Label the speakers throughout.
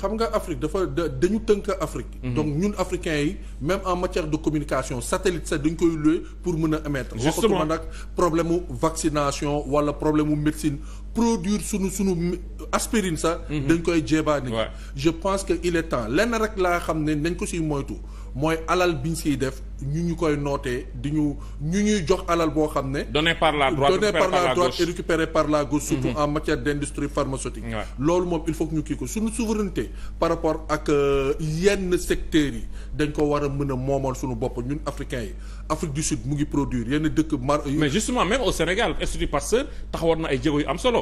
Speaker 1: xam nga Afrique dafa dañu tënk Afrique. Mhm. donc ñun africain yi même en matière de communication satellite sax dañ koy loué pour mën a émettre. justement waxatuma nag problème mu vaccination wala problème mu médecine. produire sunu sunu aspirine sax. Mhm. dañ koy jébaani. je pense que il est temps lenn rek laa xam ne nañ ko siy moytu mooy alal ñu siy def ñu ñu koy nootee di ñu ñu ñuy jox alal boo xam ne. donné par la droite donné par la droite et récupéré par la gauche. surtout mhm. en matière d' industrie loolu moom il faut que ñu kii ko sunu souveraineté par rapport ak euh, yenn secteurs yi dañ ko war a mën a moomal sunu bopp ñun africains yi. Afrique du Sud mu ngi produire yenn dëkk mar. mais
Speaker 2: justement même au Sénégal Institut Pasteur na ay jéego yu am solo.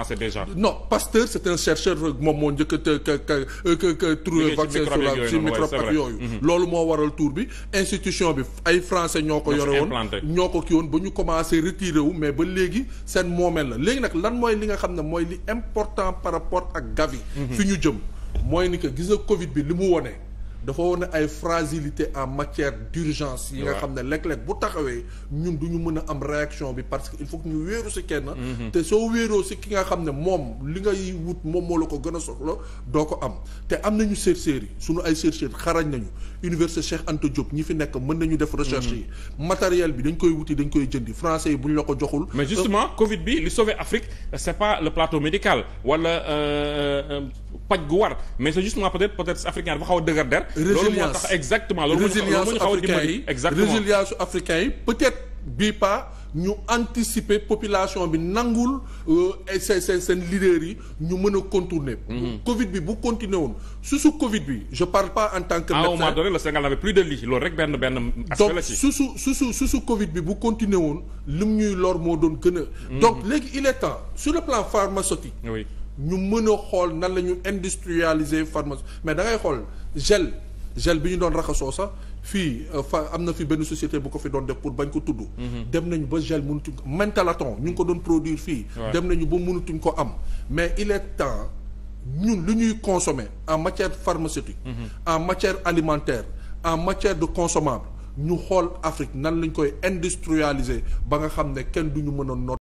Speaker 1: commencé déjà. non Pasteur c' est un chercheur moom moo njëkk a ka trouvé vaccin ci microbe ak mhm. loolu moo waral tour bi institution bi ay français ñoo ko yore woon ñoo ko kii woon ba ñu commencé retiré wu mais ba léegi seen moomeel la léegi nag lan mooy li nga xam ne mooy li important par rapport ak Gavi mhm. fi ñu jëm mooy ni que gis nga Covid bi li mu wone dafa wane ay fragilité en matière d'urgence yi nga xam ne léeg-léeg bu taxawee ñun du ñu mën a am réaction bi parce que il faut que ñu wéeru si kenn mhm. te soo wéeroo si ki nga xam ne moom li ngay wut moom moo la ko gën a soxla doo ko am te am nañu chercheurs yi suñu ay chercheurs xarañ nañu université Cheikh Anta Diop ñi fi nekk mën nañu def recherche yi mhm. matériel bi dañ koy wuti dañ koy jëndi français yi bu ñu la ko joxul mais justement
Speaker 2: Covid bi li sauvé Afrique c'est pas le médical wala euh, euh, euh, paj gu war mais c'est justement
Speaker 1: xaw a dëgër loolu moo tax exactement loolu moo ñu xaw a dimbali yi exactement résilience africain yi peut-être bii pas ñu anticiper population bi nangul euh, seen seen seen leaders yi ñu mën a contourner. Mhm. Covid bi bu continuer woon su su Covid bi je parle pas en tant que. médecin à un moment
Speaker 2: donné le Sénégal n'avait plus de lits loolu rek benn benn. aspect la su
Speaker 1: su su su su Covid bi bu continuer woon lim ñuy lor moo doon gën a. Mhm. donc léegi il est temps sur le plan pharmaceutique. ñu mën a xool nan la ñu industrialiser pharmacie mais da xool gel. gel bi ñu doon raxasoo sax fii euh, fa am na fi benn société bu ko fi doon def pour bañ ko tudd mhm. dem nañu ba gel mënutuñ ko mentalaton ñu ngi ko doon produire fii dem nañu ba mënutuñ ko am mais il est temps ñun lu ñuy consommer en matière pharmaceutique mhm. en matière alimentaire en matière de consommable ñu xool Afrique nan lañ koy industrialiser ba nga xam ne kenn du ñu mën a